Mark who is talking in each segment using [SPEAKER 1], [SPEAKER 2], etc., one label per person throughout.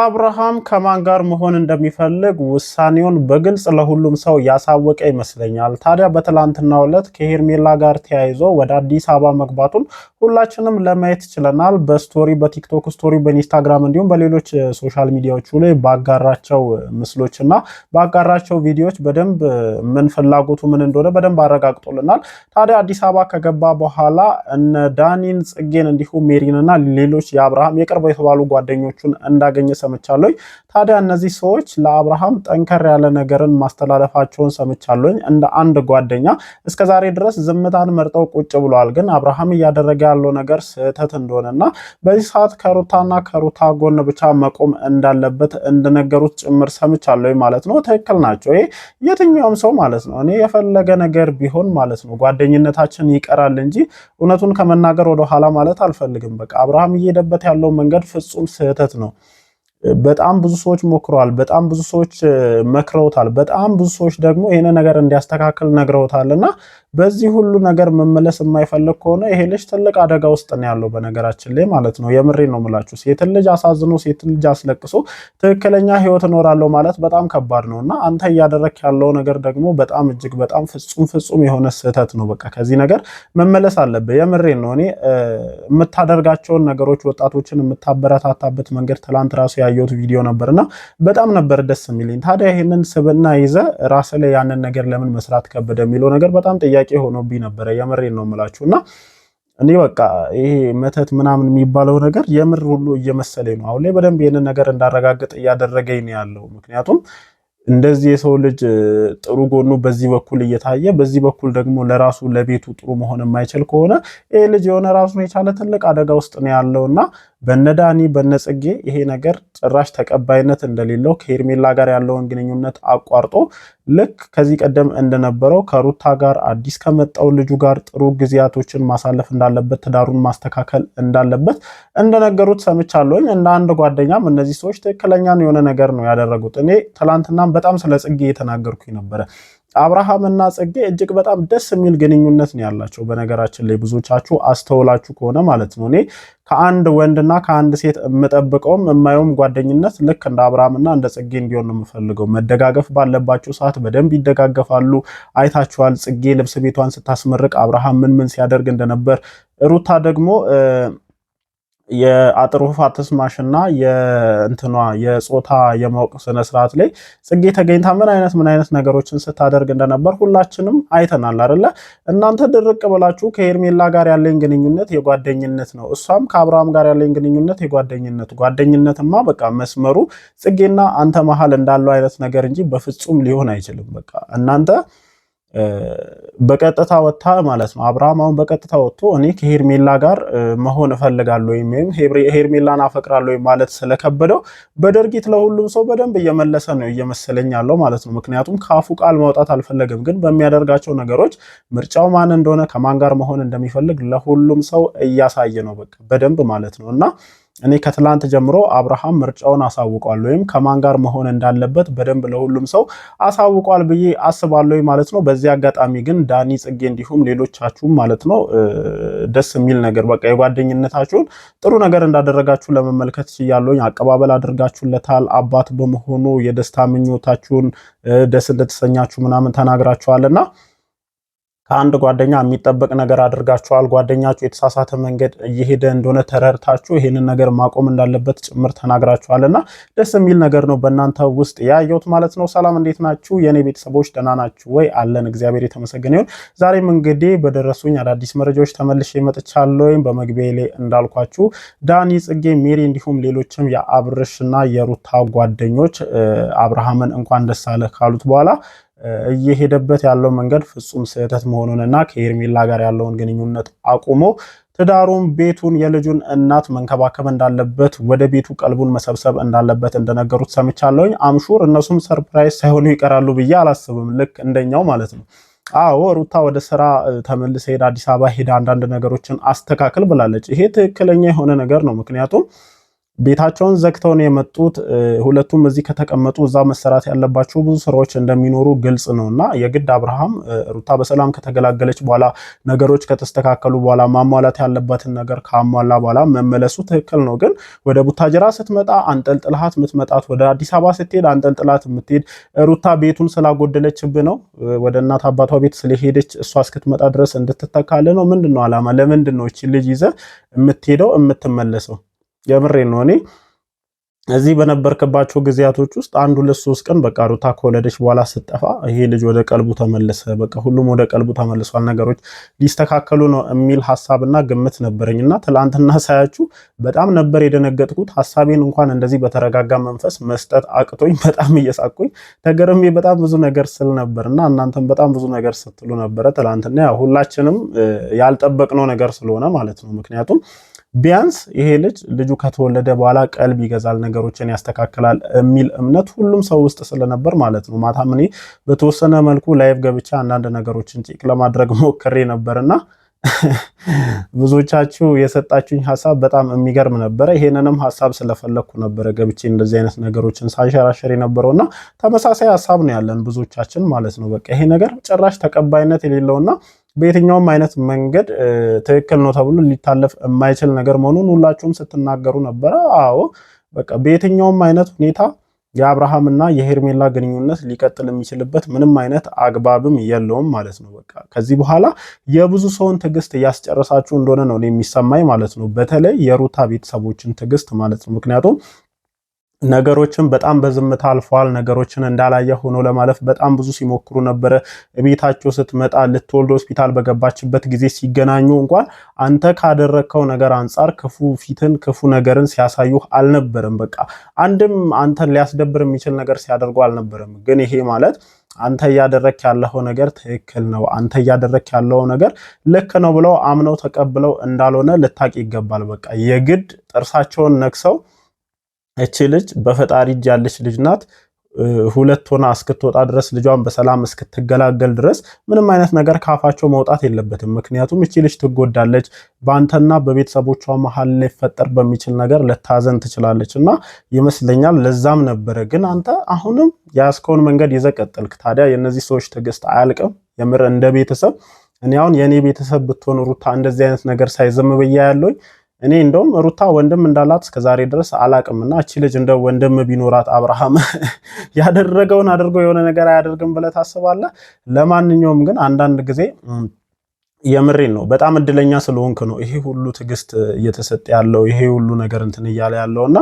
[SPEAKER 1] አብርሃም ከማን ጋር መሆን እንደሚፈልግ ውሳኔውን በግልጽ ለሁሉም ሰው ያሳወቀ ይመስለኛል። ታዲያ በትላንትናው ዕለት ከሄርሜላ ጋር ተያይዞ ወደ አዲስ አበባ መግባቱን ሁላችንም ለማየት ችለናል። በስቶሪ በቲክቶክ ስቶሪ፣ በኢንስታግራም እንዲሁም በሌሎች ሶሻል ሚዲያዎቹ ላይ ባጋራቸው ምስሎች እና ባጋራቸው ቪዲዮዎች በደንብ ምን ፍላጎቱ ምን እንደሆነ በደንብ አረጋግጦልናል። ታዲያ አዲስ አበባ ከገባ በኋላ እነ ዳኒን፣ ጽጌን እንዲሁም ሜሪንና ሌሎች የአብርሃም የቅርብ የተባሉ ጓደኞቹን እንዳገኘ ሰምቻለኝ። ታዲያ እነዚህ ሰዎች ለአብርሃም ጠንከር ያለ ነገርን ማስተላለፋቸውን ሰምቻለኝ። እንደ አንድ ጓደኛ እስከ ዛሬ ድረስ ዝምታን መርጠው ቁጭ ብለዋል። ግን አብርሃም እያደረገ ያለው ነገር ስህተት እንደሆነና በዚህ ሰዓት ከሩታና ከሩታ ጎን ብቻ መቆም እንዳለበት እንደነገሩት ጭምር ሰምቻለሁ ማለት ነው። ትክክል ናቸው። ይሄ የትኛውም ሰው ማለት ነው እኔ የፈለገ ነገር ቢሆን ማለት ነው ጓደኝነታችን ይቀራል እንጂ እውነቱን ከመናገር ወደኋላ ማለት አልፈልግም። በቃ አብርሃም እየሄደበት ያለው መንገድ ፍጹም ስህተት ነው። በጣም ብዙ ሰዎች ሞክረዋል። በጣም ብዙ ሰዎች መክረውታል። በጣም ብዙ ሰዎች ደግሞ ይሄን ነገር እንዲያስተካክል ነግረውታል እና በዚህ ሁሉ ነገር መመለስ የማይፈልግ ከሆነ ይሄ ልጅ ትልቅ አደጋ ውስጥ ነው ያለው። በነገራችን ላይ ማለት ነው የምሬ ነው የምላችሁ። ሴትን ልጅ አሳዝኖ ሴትን ልጅ አስለቅሶ ትክክለኛ ህይወት እኖራለሁ ማለት በጣም ከባድ ነው እና አንተ እያደረክ ያለው ነገር ደግሞ በጣም እጅግ በጣም ፍጹም ፍጹም የሆነ ስህተት ነው። በቃ ከዚህ ነገር መመለስ አለብህ። የምሬ ነው። እኔ የምታደርጋቸውን ነገሮች ወጣቶችን የምታበረታታበት መንገድ ትላንት ራሱ ያየሁት ቪዲዮ ነበርና በጣም ነበር ደስ የሚልኝ። ታዲያ ይህንን ስብና ይዘ ራስ ላይ ያንን ነገር ለምን መስራት ከበደ የሚለው ነገር በጣም ጥያቄ ጥያቄ ሆኖብኝ ነበረ። የምሬን ነው የምላችሁ እና እኔ በቃ ይሄ መተት ምናምን የሚባለው ነገር የምር ሁሉ እየመሰለኝ ነው። አሁን ላይ በደንብ ይህንን ነገር እንዳረጋግጥ እያደረገኝ ነው ያለው። ምክንያቱም እንደዚህ የሰው ልጅ ጥሩ ጎኑ በዚህ በኩል እየታየ በዚህ በኩል ደግሞ ለራሱ ለቤቱ ጥሩ መሆን የማይችል ከሆነ ይሄ ልጅ የሆነ ራሱን የቻለ ትልቅ አደጋ ውስጥ ነው ያለው እና በነዳኒ በነጽጌ ይሄ ነገር ጭራሽ ተቀባይነት እንደሌለው ከሄርሜላ ጋር ያለውን ግንኙነት አቋርጦ ልክ ከዚህ ቀደም እንደነበረው ከሩታ ጋር አዲስ ከመጣው ልጁ ጋር ጥሩ ጊዜያቶችን ማሳለፍ እንዳለበት፣ ትዳሩን ማስተካከል እንዳለበት እንደነገሩት ሰምቻለሁኝ። እንደ አንድ ጓደኛም እነዚህ ሰዎች ትክክለኛ የሆነ ነገር ነው ያደረጉት። እኔ ትላንትናም በጣም ስለ ጽጌ እየተናገርኩኝ ነበረ። አብርሃም እና ጽጌ እጅግ በጣም ደስ የሚል ግንኙነት ነው ያላቸው። በነገራችን ላይ ብዙዎቻችሁ አስተውላችሁ ከሆነ ማለት ነው እኔ ከአንድ ወንድና ከአንድ ሴት የምጠብቀውም የማየውም ጓደኝነት ልክ እንደ አብርሃምና እንደ ጽጌ እንዲሆን ነው የምፈልገው። መደጋገፍ ባለባቸው ሰዓት በደንብ ይደጋገፋሉ። አይታችኋል፣ ጽጌ ልብስ ቤቷን ስታስመርቅ አብርሃም ምን ምን ሲያደርግ እንደነበር ሩታ ደግሞ የአጥር ውፍ አትስማሽ እና የእንትኗ የጾታ የማወቅ ስነስርዓት ላይ ጽጌ ተገኝታ ምን አይነት ምን አይነት ነገሮችን ስታደርግ እንደነበር ሁላችንም አይተናል አደለ እናንተ ድርቅ ብላችሁ ከሄርሜላ ጋር ያለኝ ግንኙነት የጓደኝነት ነው፣ እሷም ከአብርሃም ጋር ያለኝ ግንኙነት የጓደኝነት ጓደኝነትማ በቃ መስመሩ ጽጌና አንተ መሀል እንዳለው አይነት ነገር እንጂ በፍጹም ሊሆን አይችልም። በቃ እናንተ በቀጥታ ወጥታ ማለት ነው። አብርሃም አሁን በቀጥታ ወጥቶ እኔ ከሄርሜላ ጋር መሆን እፈልጋለሁ ወይም ሄርሜላን አፈቅራለሁ ማለት ስለከበደው በድርጊት ለሁሉም ሰው በደንብ እየመለሰ ነው እየመሰለኝ ያለው ማለት ነው። ምክንያቱም ከአፉ ቃል ማውጣት አልፈለገም፣ ግን በሚያደርጋቸው ነገሮች ምርጫው ማን እንደሆነ ከማን ጋር መሆን እንደሚፈልግ ለሁሉም ሰው እያሳየ ነው በቃ በደንብ ማለት ነው እና እኔ ከትላንት ጀምሮ አብርሃም ምርጫውን አሳውቋል ወይም ከማን ጋር መሆን እንዳለበት በደንብ ለሁሉም ሰው አሳውቋል ብዬ አስባለሁ ማለት ነው። በዚህ አጋጣሚ ግን ዳኒ፣ ጽጌ እንዲሁም ሌሎቻችሁም ማለት ነው ደስ የሚል ነገር በቃ የጓደኝነታችሁን ጥሩ ነገር እንዳደረጋችሁ ለመመልከት ችያለሁኝ። አቀባበል አድርጋችሁለታል። አባት በመሆኑ የደስታ ምኞታችሁን ደስ እንደተሰኛችሁ ምናምን ተናግራችኋልና ከአንድ ጓደኛ የሚጠበቅ ነገር አድርጋችኋል። ጓደኛችሁ የተሳሳተ መንገድ እየሄደ እንደሆነ ተረድታችሁ ይህንን ነገር ማቆም እንዳለበት ጭምር ተናግራችኋል እና ደስ የሚል ነገር ነው በእናንተ ውስጥ ያየሁት ማለት ነው። ሰላም፣ እንዴት ናችሁ የእኔ ቤተሰቦች? ደህና ናችሁ ወይ? አለን እግዚአብሔር የተመሰገነ ይሁን። ዛሬም እንግዲህ በደረሱኝ አዳዲስ መረጃዎች ተመልሼ መጥቻለሁ። ወይም በመግቢያ ላይ እንዳልኳችሁ ዳኒ፣ ጽጌ፣ ሜሪ እንዲሁም ሌሎችም የአብርሽና የሩታ ጓደኞች አብርሃምን እንኳን ደስ አለህ ካሉት በኋላ እየሄደበት ያለው መንገድ ፍጹም ስህተት መሆኑንና ከሄርሜላ ጋር ያለውን ግንኙነት አቁሞ ትዳሩን፣ ቤቱን፣ የልጁን እናት መንከባከብ እንዳለበት ወደ ቤቱ ቀልቡን መሰብሰብ እንዳለበት እንደነገሩት ሰምቻለሁኝ። አምሹር እነሱም ሰርፕራይዝ ሳይሆኑ ይቀራሉ ብዬ አላስብም። ልክ እንደኛው ማለት ነው። አዎ ሩታ ወደ ስራ ተመልሰ ሄድ አዲስ አበባ ሄዳ አንዳንድ ነገሮችን አስተካክል ብላለች። ይሄ ትክክለኛ የሆነ ነገር ነው። ምክንያቱም ቤታቸውን ነው የመጡት ሁለቱም እዚህ ከተቀመጡ እዛ መሰራት ያለባቸው ብዙ ስራዎች እንደሚኖሩ ግልጽ ነው እና የግድ አብርሃም ሩታ በሰላም ከተገላገለች በኋላ ነገሮች ከተስተካከሉ በኋላ ማሟላት ያለባትን ነገር ካሟላ በኋላ መመለሱ ትክክል ነው። ግን ወደ ቡታጀራ ስትመጣ አንጠልጥልሃት የምትመጣት፣ ወደ አዲስ አበባ ስትሄድ አንጠልጥላት የምትሄድ ሩታ ቤቱን ስላጎደለችብ ነው። ወደ እናት አባቷ ቤት ስለሄደች እሷ እስክትመጣ ድረስ እንድትተካል ነው። ምንድን ነው አላማ? ለምንድን ነው ይቺ ልጅ የምትሄደው የምትመለሰው? የምሬ ነው እኔ እዚህ በነበርክባቸው ጊዜያቶች ውስጥ አንድ ሁለት ሶስት ቀን በቃ ሩታ ከወለደች በኋላ ስጠፋ ይሄ ልጅ ወደ ቀልቡ ተመለሰ፣ በቃ ሁሉም ወደ ቀልቡ ተመልሷል፣ ነገሮች ሊስተካከሉ ነው የሚል ሀሳብና ግምት ነበረኝ እና ትላንትና ሳያችሁ በጣም ነበር የደነገጥኩት። ሀሳቤን እንኳን እንደዚህ በተረጋጋ መንፈስ መስጠት አቅቶኝ በጣም እየሳቁኝ ተገርሜ በጣም ብዙ ነገር ስል ነበር እና እናንተም በጣም ብዙ ነገር ስትሉ ነበረ ትላንትና። ሁላችንም ያልጠበቅነው ነገር ስለሆነ ማለት ነው ምክንያቱም ቢያንስ ይሄ ልጅ ልጁ ከተወለደ በኋላ ቀልብ ይገዛል፣ ነገሮችን ያስተካክላል የሚል እምነት ሁሉም ሰው ውስጥ ስለነበር ማለት ነው። ማታም እኔ በተወሰነ መልኩ ላይቭ ገብቻ አንዳንድ ነገሮችን ጭቅ ለማድረግ ሞክሬ ነበርና ብዙዎቻችሁ የሰጣችሁኝ ሀሳብ በጣም የሚገርም ነበረ። ይሄንንም ሀሳብ ስለፈለግኩ ነበረ ገብቼ እንደዚህ አይነት ነገሮችን ሳንሸራሸር የነበረውና ተመሳሳይ ሀሳብ ነው ያለን ብዙዎቻችን ማለት ነው። በቃ ይሄ ነገር ጭራሽ ተቀባይነት የሌለውና በየትኛውም አይነት መንገድ ትክክል ነው ተብሎ ሊታለፍ የማይችል ነገር መሆኑን ሁላችሁም ስትናገሩ ነበረ። አዎ በቃ በየትኛውም አይነት ሁኔታ እና የሄርሜላ ግንኙነት ሊቀጥል የሚችልበት ምንም አይነት አግባብም የለውም ማለት ነው። በቃ ከዚህ በኋላ የብዙ ሰውን ትዕግስት እያስጨረሳችሁ እንደሆነ ነው የሚሰማኝ ማለት ነው። በተለይ የሩታ ቤተሰቦችን ትዕግስት ማለት ነው። ምክንያቱም ነገሮችን በጣም በዝምታ አልፈዋል። ነገሮችን እንዳላየ ሆኖ ለማለፍ በጣም ብዙ ሲሞክሩ ነበረ። ቤታቸው ስትመጣ ልትወልድ ሆስፒታል በገባችበት ጊዜ ሲገናኙ እንኳን አንተ ካደረግከው ነገር አንጻር ክፉ ፊትን ክፉ ነገርን ሲያሳዩ አልነበረም። በቃ አንድም አንተን ሊያስደብር የሚችል ነገር ሲያደርጉ አልነበረም። ግን ይሄ ማለት አንተ እያደረክ ያለው ነገር ትክክል ነው፣ አንተ እያደረክ ያለው ነገር ልክ ነው ብለው አምነው ተቀብለው እንዳልሆነ ልታቅ ይገባል። በቃ የግድ ጥርሳቸውን ነክሰው እቺ ልጅ በፈጣሪ እጅ ያለች ልጅ ናት። ሁለት ሆና እስክትወጣ ድረስ ልጇን በሰላም እስክትገላገል ድረስ ምንም አይነት ነገር ካፋቸው መውጣት የለበትም። ምክንያቱም እቺ ልጅ ትጎዳለች። በአንተና በቤተሰቦቿ መሀል ሊፈጠር በሚችል ነገር ልታዘን ትችላለች እና ይመስለኛል ለዛም ነበረ። ግን አንተ አሁንም የያዝከውን መንገድ ይዘህ ቀጠልክ። ታዲያ የእነዚህ ሰዎች ትዕግስት አያልቅም። የምር እንደ ቤተሰብ እኔ አሁን የእኔ ቤተሰብ ብትሆን ሩታ እንደዚህ አይነት ነገር ሳይዘም ብያ ያለኝ እኔ እንደውም ሩታ ወንድም እንዳላት እስከ ዛሬ ድረስ አላቅምና እቺ ልጅ እንደ ወንድም ቢኖራት አብርሃም ያደረገውን አድርጎ የሆነ ነገር አያደርግም ብለህ ታስባለህ? ለማንኛውም ግን አንዳንድ ጊዜ የምሬን ነው። በጣም እድለኛ ስለሆንክ ነው ይሄ ሁሉ ትዕግስት እየተሰጠ ያለው ይሄ ሁሉ ነገር እንትን እያለ ያለውና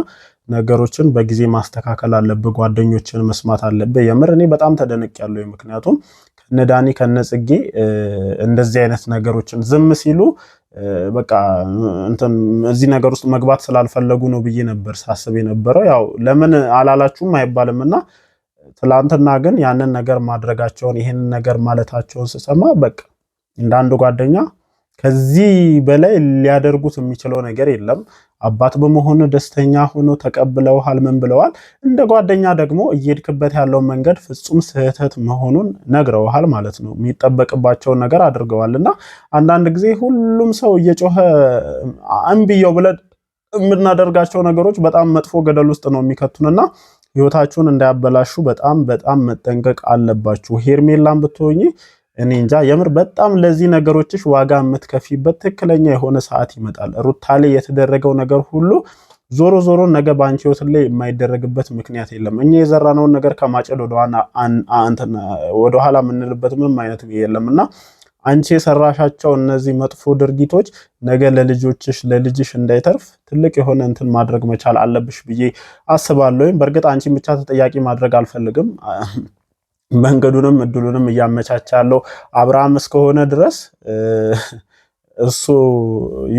[SPEAKER 1] ነገሮችን በጊዜ ማስተካከል አለብህ፣ ጓደኞችን መስማት አለብህ። የምር እኔ በጣም ተደንቅ ያለው ምክንያቱም ከነ ዳኒ ከነ ጽጌ እንደዚህ አይነት ነገሮችን ዝም ሲሉ በቃ እንትን እዚህ ነገር ውስጥ መግባት ስላልፈለጉ ነው ብዬ ነበር ሳስብ የነበረው። ያው ለምን አላላችሁም አይባልም እና ትላንትና ግን ያንን ነገር ማድረጋቸውን ይህን ነገር ማለታቸውን ስሰማ በቃ እንደ አንድ ጓደኛ ከዚህ በላይ ሊያደርጉት የሚችለው ነገር የለም። አባት በመሆን ደስተኛ ሆኖ ተቀብለውሃል፣ ምን ብለዋል። እንደ ጓደኛ ደግሞ እየሄድክበት ያለው መንገድ ፍጹም ስህተት መሆኑን ነግረውሃል ማለት ነው። የሚጠበቅባቸውን ነገር አድርገዋል። እና አንዳንድ ጊዜ ሁሉም ሰው እየጮኸ እምቢየው ብለን የምናደርጋቸው ነገሮች በጣም መጥፎ ገደል ውስጥ ነው የሚከቱንና ህይወታችሁን እንዳያበላሹ በጣም በጣም መጠንቀቅ አለባችሁ። ሄርሜላን ብትሆኚ እኔ እንጃ የምር በጣም ለዚህ ነገሮችሽ ዋጋ የምትከፊበት ትክክለኛ የሆነ ሰዓት ይመጣል። ሩታ ላይ የተደረገው ነገር ሁሉ ዞሮ ዞሮ ነገ በአንቺ ህይወት ላይ የማይደረግበት ምክንያት የለም። እኛ የዘራነውን ነገር ከማጨድ ወደኋላ የምንልበት ምንም አይነት የለም እና አንቺ የሰራሻቸው እነዚህ መጥፎ ድርጊቶች ነገ ለልጆችሽ ለልጅሽ እንዳይተርፍ ትልቅ የሆነ እንትን ማድረግ መቻል አለብሽ ብዬ አስባለሁ። በእርግጥ አንቺን ብቻ ተጠያቂ ማድረግ አልፈልግም መንገዱንም እድሉንም እያመቻቻለው አብርሃም እስከሆነ ድረስ እሱ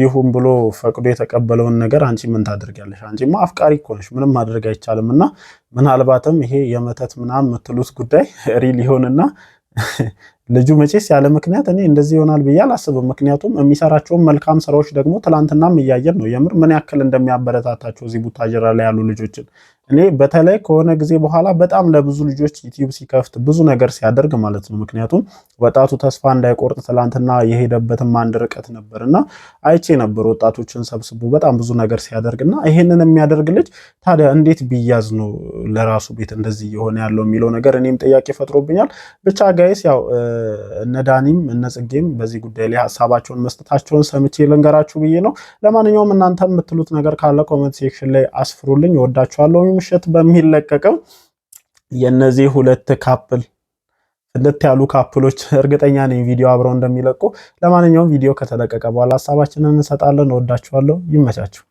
[SPEAKER 1] ይሁን ብሎ ፈቅዶ የተቀበለውን ነገር አንቺ ምን ታደርጊያለሽ? አንቺማ አፍቃሪ እኮ ነሽ፣ ምንም ማድረግ አይቻልም። እና ምናልባትም ይሄ የመተት ምናምን የምትሉት ጉዳይ ሪል ይሆንና ልጁ መቼስ ያለ ምክንያት እኔ እንደዚህ ይሆናል ብዬ አላስብም። ምክንያቱም የሚሰራቸውን መልካም ስራዎች ደግሞ ትላንትናም እያየን ነው። የምር ምን ያክል እንደሚያበረታታቸው እዚህ ቡታጀራ ላይ ያሉ ልጆችን እኔ በተለይ ከሆነ ጊዜ በኋላ በጣም ለብዙ ልጆች ዩቲዩብ ሲከፍት ብዙ ነገር ሲያደርግ ማለት ነው። ምክንያቱም ወጣቱ ተስፋ እንዳይቆርጥ ትላንትና የሄደበትም አንድ ርቀት ነበር እና አይቼ ነበር ወጣቶችን ሰብስቦ በጣም ብዙ ነገር ሲያደርግ እና ይሄንን የሚያደርግ ልጅ ታዲያ እንዴት ቢያዝ ነው ለራሱ ቤት እንደዚህ የሆነ ያለው የሚለው ነገር እኔም ጥያቄ ፈጥሮብኛል። ብቻ ጋይስ ያው እነ ዳኒም እነ ጽጌም በዚህ ጉዳይ ላይ ሀሳባቸውን መስጠታቸውን ሰምቼ ልንገራችሁ ብዬ ነው። ለማንኛውም እናንተ የምትሉት ነገር ካለ ኮመንት ሴክሽን ላይ አስፍሩልኝ። ወዳችኋለሁ። ምሽት በሚለቀቀው የነዚህ ሁለት ካፕል እንደት ያሉ ካፕሎች እርግጠኛ ነኝ ቪዲዮ አብረው እንደሚለቁ። ለማንኛውም ቪዲዮ ከተለቀቀ በኋላ ሀሳባችንን እንሰጣለን። ወዳችኋለሁ። ይመቻችሁ።